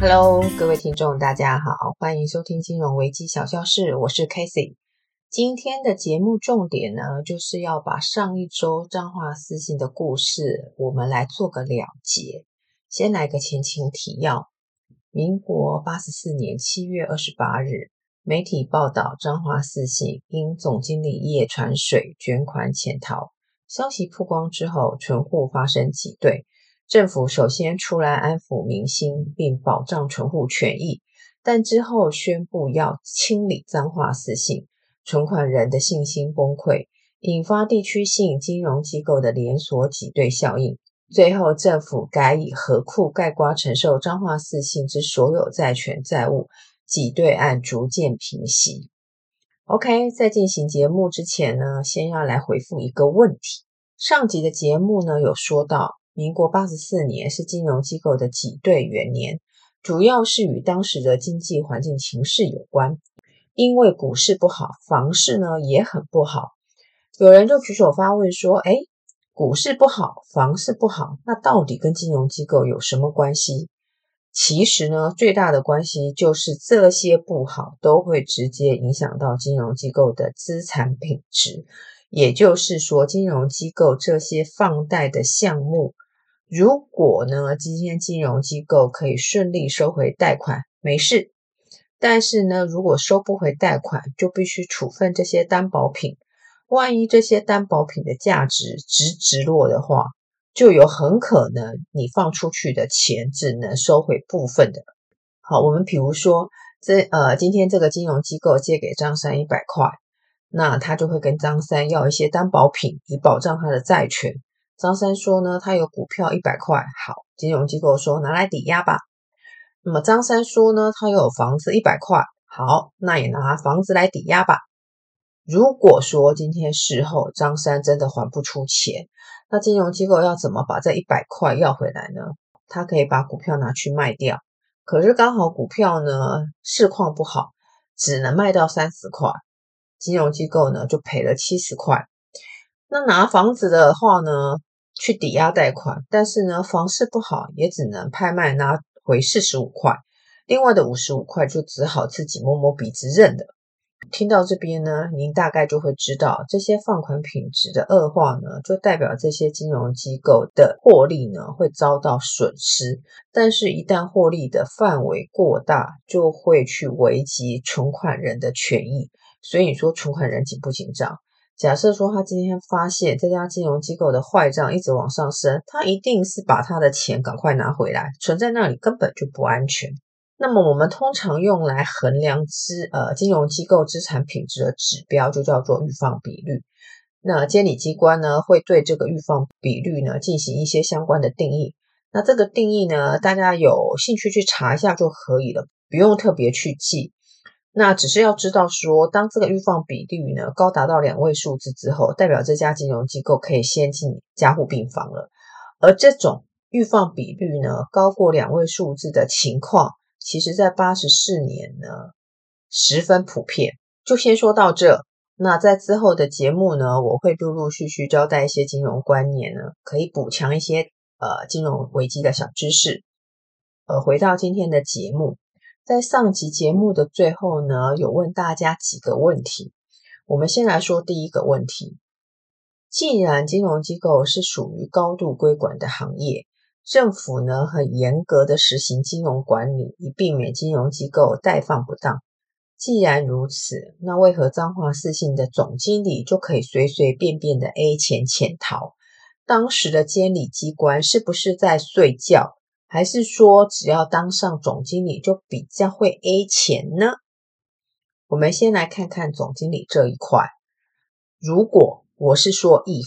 Hello，各位聽眾，大家好，歡迎收聽金融危機小教室，我是 Casey。今天的節目重點呢，就是要把上一周彰化四信的故事，我們來做個了結。先來個前情提要：民國八十四年七月二十八日，媒體報道彰化四信因總經理葉傳水捲款潛逃，消息曝光之後，存戶發生擠兌。政府首先出來安撫民心，並保障儲戶權益，但之後宣布要清理彰化四信，存款人的信心崩潰，引發地區性金融機構的連鎖擠兌效應。最後，政府改以合庫概括承受彰化四信之所有債權債務，擠兌案逐漸平息。OK，在進行節目之前呢，先要來回復一個問題。上集的節目呢，有說到。民國八十四年是金融機構的擠兌元年，主要是與當時的經濟環境情勢有關。因為股市不好，房市呢也很不好。有人就舉手發問說：“誒，股市不好，房市不好，那到底跟金融機構有什麼關係？”其實呢，最大的關係就是這些不好都會直接影響到金融機構的資產品質。也就是說，金融機構這些放貸的項目，如果呢今天金融機構可以順利收回貸款，沒事。但是呢，如果收不回貸款，就必須處分這些擔保品。萬一這些擔保品的價值直直落的話，就有很可能你放出去的錢只能收回部分的。好，我們比如說，這呃，今天這個金融機構借給張三一百塊。那他就會跟張三要一些擔保品，以保障他的債權。張三說呢，他有股票一百塊，好，金融機構說拿來抵押吧。那麼張三說呢，他又有房子一百塊，好，那也拿房子來抵押吧。如果說今天事後張三真的還不出錢，那金融機構要怎麼把這一百塊要回來呢？他可以把股票拿去賣掉，可是剛好股票呢，市況不好，只能賣到三十塊。金融機構呢，就賠了七十塊。那拿房子的話呢，去抵押貸款，但是呢，房市不好，也只能拍賣拿回四十五塊，另外的五十五塊就只好自己摸摸鼻子認了。聽到這邊呢，您大概就會知道，這些放款品質的惡化呢，就代表這些金融機構的獲利呢會遭到損失，但是，一旦獲利的範圍過大，就會去危及存款人的權益。所以你說存款人緊不緊張？假設說他今天發現這家金融機構的壞賬一直往上升，他一定是把他的錢趕快拿回來，存在那裡根本就不安全。那麼我們通常用來衡量資呃、金融機構資產品質的指標就叫做逾放比率。那監理機關呢會對這個逾放比率呢進行一些相關的定義。那這個定義呢，大家有興趣去查一下就可以了，不用特別去記。那只是要知道說，當這個逾放比率呢高達到兩位數字之後，代表這家金融機構可以先進加護病房了。而這種逾放比率呢高過兩位數字的情況，其實在八十四年呢十分普遍。就先說到這。那在之後的節目呢，我會陸陸續續交代一些金融觀念呢，可以補強一些呃金融危機的小知識。呃，回到今天的節目。在上集節目的最後呢，有問大家幾個問題。我們先來說第一個問題：既然金融機構是屬於高度規管的行業，政府呢很嚴格的實行金融管理，以避免金融機構貸放不當。既然如此，那為何彰化四信的總經理就可以隨隨便便的 A 錢潛逃？當時的監理機關是不是在睡覺？還是說，只要當上總經理就比較會 A 錢呢？我們先來看看總經理這一塊。如果我是說，if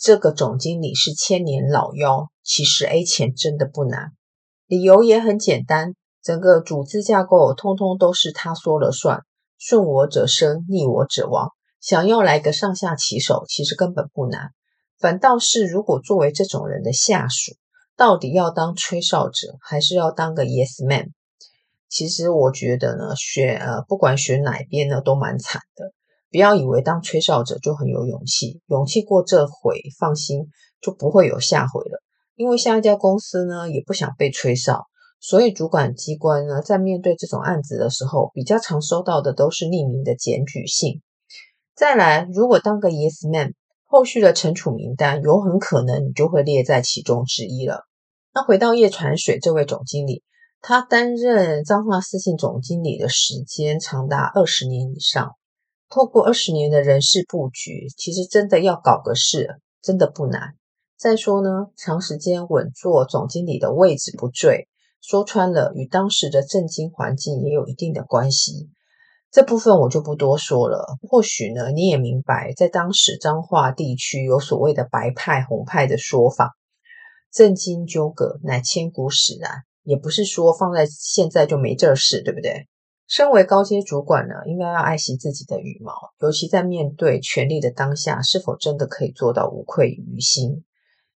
這個總經理是千年老妖，其實 A 錢真的不難。理由也很簡單，整個組織架構通通都是他說了算，順我者生，逆我者亡。想要來個上下其手，其實根本不難。反倒是如果作為這種人的下屬。到底要當吹哨者，還是要當個 yes man？其實我覺得呢，選、呃、不管選哪邊呢，都蠻慘的。不要以為當吹哨者就很有勇氣，勇氣過這回，放心，就不會有下回了。因為下一家公司呢，也不想被吹哨，所以主管機關呢，在面對這種案子的時候，比較常收到的都是匿名的檢舉信。再來，如果當個 yes man。後續的懲處名單，有很可能你就會列在其中之一了。那回到葉傳水這位總經理，他擔任彰化四信總經理的時間長達二十年以上。透過二十年的人事布局，其實真的要搞個事，真的不難。再說呢，長時間穩坐總經理的位置不墜，說穿了，與當時的政經環境也有一定的關係。這部分我就不多說了。或許呢，你也明白，在當時彰化地區有所謂的“白派”“紅派”的說法，政經糾葛乃千古使然。啊，也不是說放在現在就沒這事，對不對？身為高階主管呢，應該要愛惜自己的羽毛，尤其在面對權力的當下，是否真的可以做到無愧於心？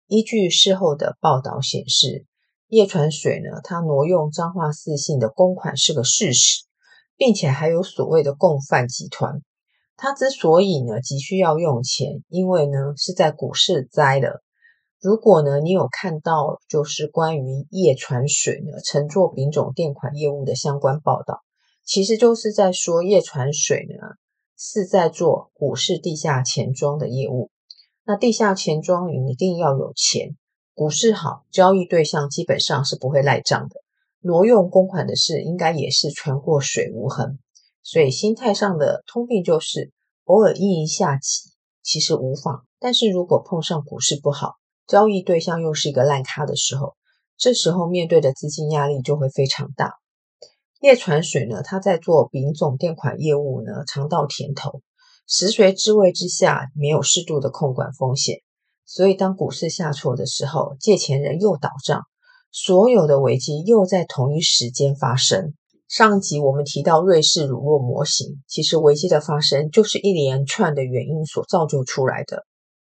依據事後的報道顯示，葉傳水呢，他挪用彰化四信的公款是個事實。並且還有所謂的共犯集團，他之所以呢急需要用錢，因為呢是在股市栽了。如果呢你有看到就是關於葉傳水呢承做丙種墊款業務的相關報道，其實就是在說葉傳水呢是在做股市地下錢莊的業務。那地下錢莊，你一定要有錢，股市好，交易對象基本上是不會賴賬的。挪用公款的事，應該也是船過水無痕，所以心態上的通病就是偶爾陰一下棋，其實無妨。但是如果碰上股市不好，交易對象又是一個爛咖的時候，這時候面對的資金壓力就會非常大。葉傳水呢，他在做丙種墊款業務呢，嚐到甜頭，食髓知味之下，沒有適度的控管風險，所以當股市下挫的時候，借錢人又倒賬。所有的危機又在同一時間發生。上集我們提到瑞士乳酪模型，其實危機的發生就是一連串的原因所造就出來的。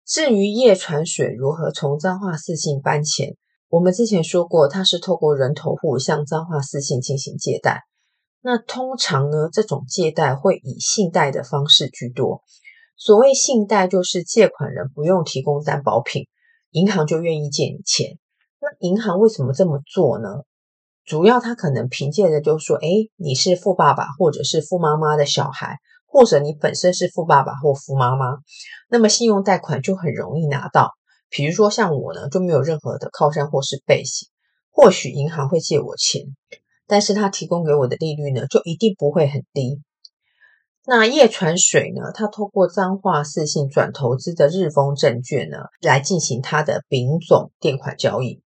至於葉傳水如何從彰化四信搬錢，我們之前說過，他是透過人頭戶向彰化四信進行借貸。那通常呢，這種借貸會以信貸的方式居多。所謂信貸，就是借款人不用提供擔保品，銀行就願意借你錢。那銀行為什麼這麼做呢？主要他可能憑借着就是說，哎，你是富爸爸或者是富媽媽的小孩，或者你本身是富爸爸或富媽媽，那麼信用貸款就很容易拿到。比如說像我呢，就沒有任何的靠山或是背景，或許銀行會借我錢，但是他提供給我的利率呢，就一定不會很低。那葉傳水呢，他通過彰化四信轉投資的日豐證券呢，來進行他的丙種墊款交易。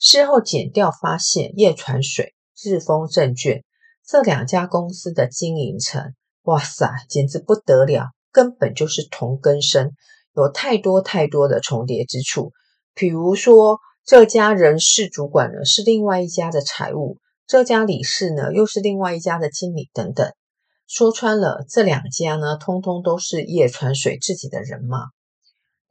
事後檢調發現，葉傳水、日豐證券這兩家公司的經營層，哇塞，簡直不得了，根本就是同根生，有太多太多的重疊之處。比如說，這家人事主管呢是另外一家的財務，這家理事呢又是另外一家的經理，等等。說穿了，這兩家呢，通通都是葉傳水自己的人嘛。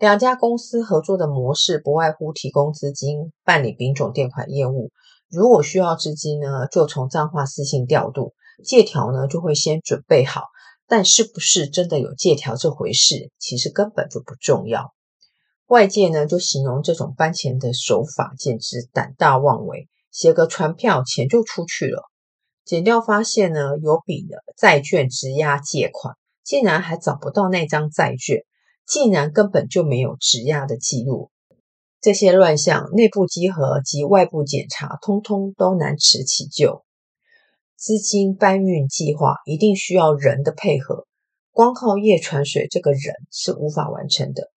兩家公司合作的模式不外乎提供資金辦理丙種墊款業務，如果需要資金呢，就從帳戶私信調度，借條呢就會先準備好，但是不是真的有借條這回事，其實根本就不重要。外界呢就形容這種搬錢的手法簡直膽大妄為，寫個傳票錢就出去了，檢調發現呢有筆債券質押借款，竟然還找不到那張債券。竟然根本就沒有質押的記錄，這些亂象，內部稽核及外部檢查，通通都難辭其咎。資金搬運計劃一定需要人的配合，光靠葉傳水這個人是無法完成的。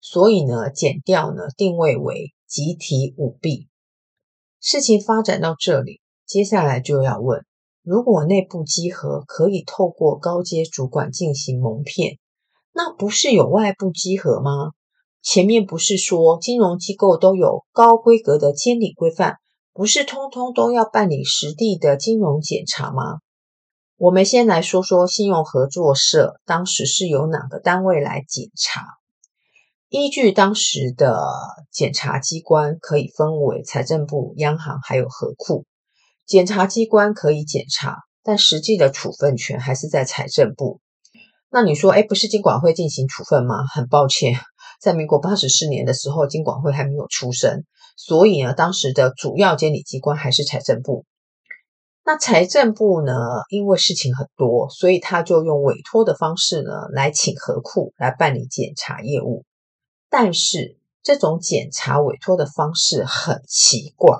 所以呢，檢調呢，定位為集體舞弊。事情發展到這裡，接下來就要問：如果內部稽核可以透過高階主管進行蒙騙？那不是有外部稽核嗎？前面不是說金融機構都有高規格的監理規範，不是通通都要辦理實地的金融檢查嗎？我們先來說說信用合作社當時是由哪個單位來檢查？依據當時的檢查機關可以分為財政部、央行還有合庫。檢查機關可以檢查，但實際的處分權還是在財政部。那你說，誒，不是金管會進行處分嗎？很抱歉，在民國八十四年的時候，金管會還沒有出生，所以呢，當時的主要監理機關還是財政部。那財政部呢，因為事情很多，所以他就用委托的方式呢，來請合庫來辦理檢查業務。但是，這種檢查委托的方式很奇怪。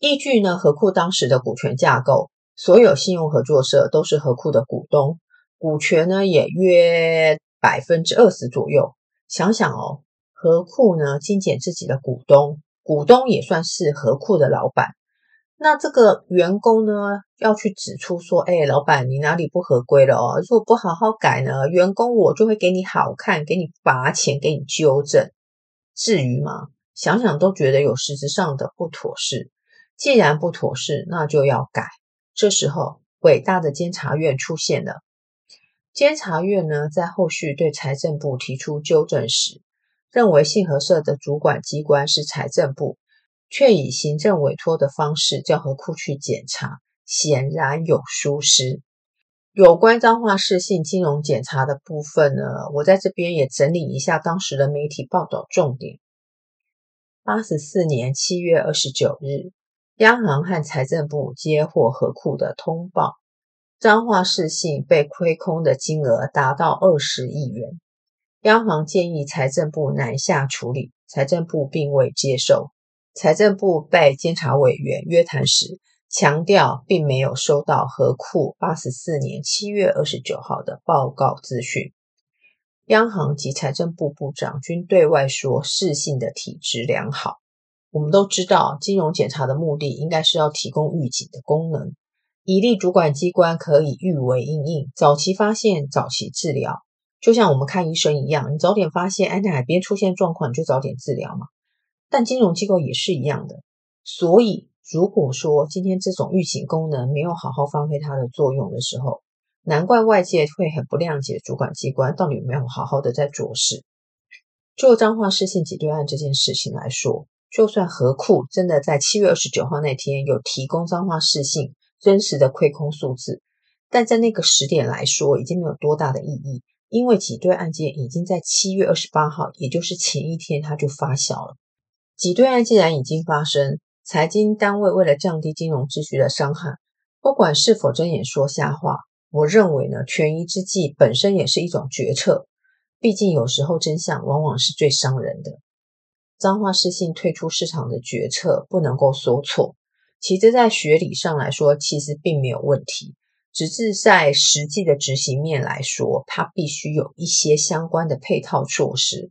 依據呢，合庫當時的股權架構，所有信用合作社都是合庫的股東。股權呢，也約百分之二十左右。想想哦，合庫呢精簡自己的股東，股東也算是合庫的老板。那這個員工呢要去指出說：“哎，老板，你哪裡不合規了哦？如果不好好改呢，員工我就會給你好看，給你罰錢，給你糾正。至於嗎？想想都覺得有實質上的不妥事。既然不妥事，那就要改。這時候，偉大的監察院出現了。”監察院呢，在後續對財政部提出糾正時，認為信合社的主管機關是財政部，卻以行政委託的方式叫合庫去檢查，顯然有疏失。有關彰化四信金融檢查的部分呢，我在這邊也整理一下當時的媒體報道重點。八十四年七月二十九日，央行和財政部接獲合庫的通報。彰化四信被虧空的金額達到二十億元，央行建議財政部南下處理，財政部並未接受。財政部被監察委員約談時，強調並沒有收到合庫八十四年七月二十九號的報告資訊。央行及財政部部長均對外說，四信的體質良好。我們都知道，金融檢查的目的應該是要提供預警的功能。以利主管機關可以預為因應，應，早期發現、早期治療，就像我們看醫生一樣，你早點發現，哎，哪邊出現狀況你就早點治療嘛。但金融機構也是一樣的，所以如果說今天這種預警功能沒有好好發揮它的作用的時候，難怪外界會很不諒解主管機關到底有沒有好好的在着做事。就彰化四信擠兌案這件事情來說，就算何庫真的在七月二十九號那天有提供彰化四信，真實的虧空數字，但在那個時點來說已經沒有多大的意義，因為擠兌案件已經在七月二十八號，也就是前一天，它就發酵了。擠兌案既然已經發生，財經單位為了降低金融秩序的傷害，不管是否睜眼說瞎話，我認為呢，權宜之計本身也是一種決策。畢竟有時候真相往往是最傷人的，彰化四信退出市場的決策不能夠說錯。其實，在學理上來說，其實並沒有問題。只是在實際的執行面來說，它必須有一些相關的配套措施，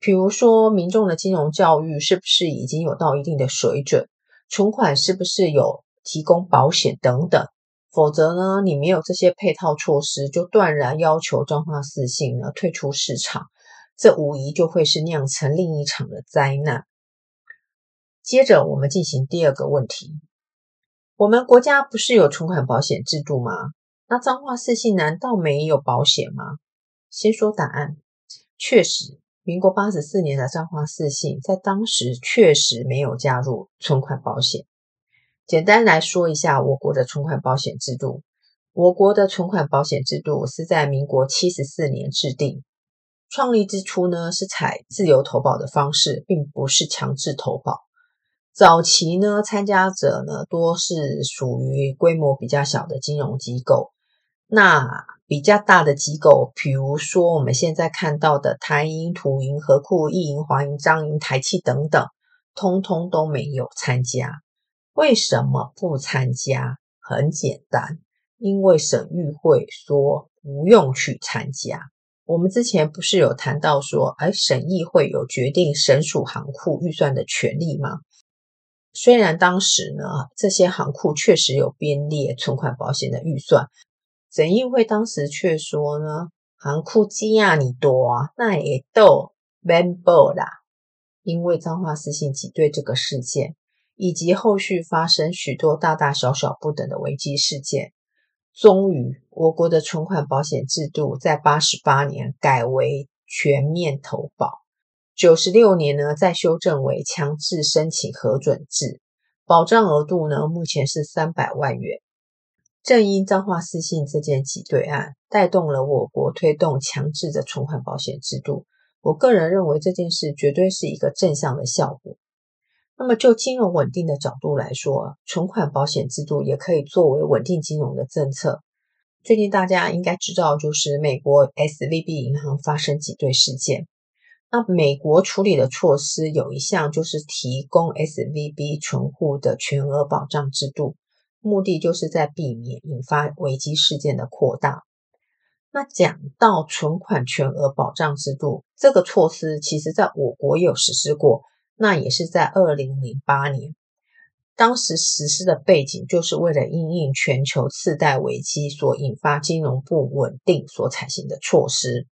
比如說民眾的金融教育是不是已經有到一定的水準，存款是不是有提供保險等等。否則呢，你沒有這些配套措施，就斷然要求彰化四信呢退出市場，這無疑就會是釀成另一場的災難。接着，我們進行第二個問題：我們國家不是有存款保險制度嗎？那彰化四信難道沒有保險嗎？先說答案：確實，民國八十四年的彰化四信在當時確實沒有加入存款保險。簡單來說一下我國的存款保險制度：我國的存款保險制度是在民國七十四年制定，創立之初呢是採自由投保的方式，並不是強制投保。早期呢，參加者呢多是屬於規模比較小的金融機構。那比較大的機構，比如說我們現在看到的台銀、土銀、合庫、一銀、華銀、彰銀、台企等等，通通都沒有參加。為什麼不參加？很簡單，因為省議會說不用去參加。我們之前不是有談到說，哎，省議會有決定省屬行庫預算的權利嗎？雖然當時呢，這些行庫確實有編列存款保險的預算，怎議會當時卻說呢，行庫積壓你多，哪會倒，免保啦。因為彰化四信擠兌這個事件，以及後續發生許多大大小小不等的危機事件，終於我國的存款保險制度在八十八年改為全面投保。九十六年呢，再修正為強制申請核准制，保障額度呢，目前是三百萬元。正因彰化四信這件擠兌案，帶動了我國推動強制的存款保險制度。我個人認為這件事絕對是一個正向的效果。那麼就金融穩定的角度來說，存款保險制度也可以作為穩定金融的政策。最近大家應該知道，就是美國 SVB 銀行發生擠兌事件。那美國處理的措施有一項，就是提供 SVB 存戶的全額保障制度，目的就是在避免引發危機事件的擴大。那講到存款全額保障制度這個措施，其實在我國也有實施過，那也是在二零零八年，當時實施的背景就是為了因應全球次貸危機所引發金融不穩定所採行的措施。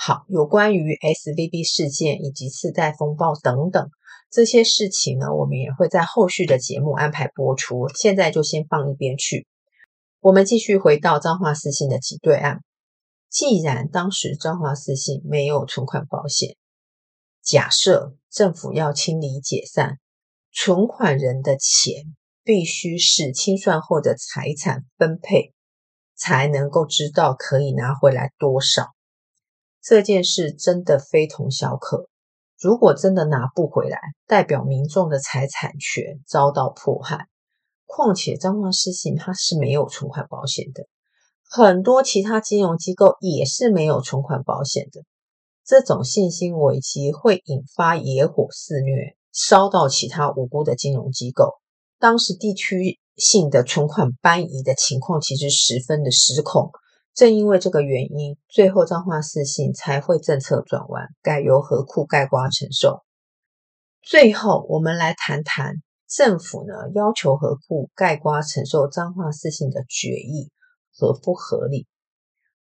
好，有關於 SVB 事件以及次貸風暴等等這些事情呢，我們也會在後續的節目安排播出，現在，就先放一邊去。我們繼續回到彰化四信的擠兌案。既然當時彰化四信沒有存款保險，假設政府要清理解散，存款人的錢必須是清算後的財產分配，才能夠知道可以拿回來多少。這件事真的非同小可。如果真的拿不回來，代表民眾的財產權遭到迫害。況且彰化四信它是沒有存款保險的，很多其他金融機構也是沒有存款保險的。這種信心危機會引發野火肆虐，燒到其他無辜的金融機構。當時地區性的存款搬移的情況其實十分的失控。正因為這個原因，最後彰化四信才會政策轉彎，改由合庫概括承受。最後，我們來談談政府呢要求合庫概括承受彰化四信的決議合不合理？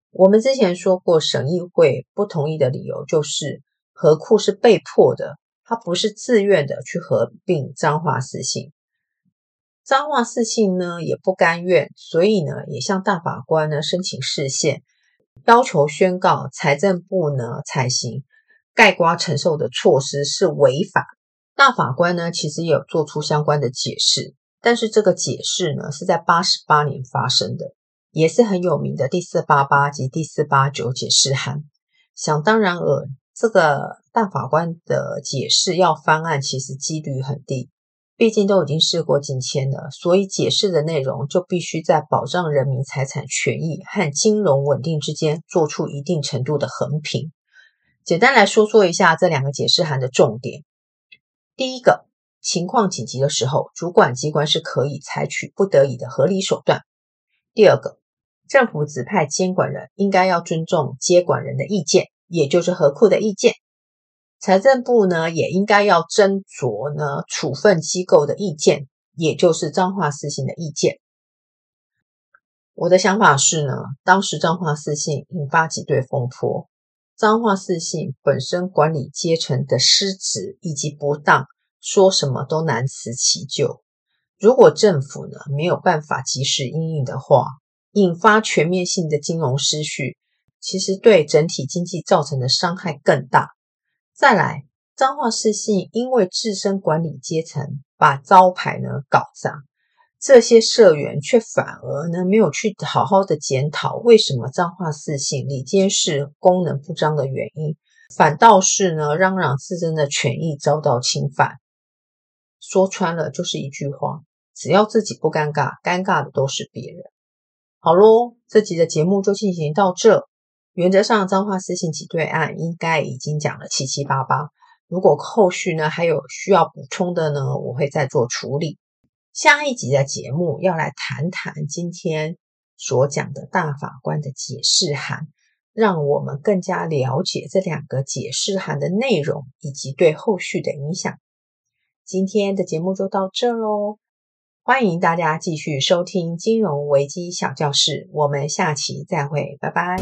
我們之前說過，省議會不同意的理由就是合庫是被迫的，他不是自願的去合併彰化四信。彰化四信呢也不甘願，所以呢也向大法官呢申請釋憲，要求宣告財政部呢採行概括承受的措施是違法。大法官呢其實也有做出相關的解釋，但是這個解釋呢是在八十八年發生的，也是很有名的第四八八及第四八九解釋函。想當然爾，這個大法官的解釋要翻案，其實幾率很低。畢竟都已經事過境遷了，所以解釋的內容就必須在保障人民財產權益和金融穩定之間做出一定程度的衡平。簡單來說，說一下這兩個解釋函的重點：第一個，情況緊急的時候，主管機關是可以採取不得已的合理手段；第二個，政府指派監管人應該要尊重接管人的意見，也就是合庫的意見。財政部呢，也應該要斟酌呢處分機構的意見，也就是彰化四信的意見。我的想法是呢，當時彰化四信引發擠兌風波，彰化四信本身管理階層的失職以及不當，說什麼都難辭其咎。如果政府呢沒有辦法及時因應的話，引發全面性的金融失序，其實對整體經濟造成的傷害更大。再來，彰化四信因為自身管理階層把招牌呢搞砸，這些社員卻反而呢沒有去好好的檢討，為什麼彰化四信理監事功能不彰的原因，反倒是呢嚷嚷自身的權益遭到侵犯。說穿了就是一句話：只要自己不尷尬，尷尬的都是別人。好咯，這集的節目就進行到這。原則上，彰化四信擠兌案應該已經講了七七八八。如果後續呢還有需要補充的呢，我會再做處理。下一集的節目要來談談今天所講的大法官的解釋函，讓我們更加了解這兩個解釋函的內容以及對後續的影響。今天的節目就到這嘍，歡迎大家繼續收聽金融危機小教室，我們下期再會，拜拜。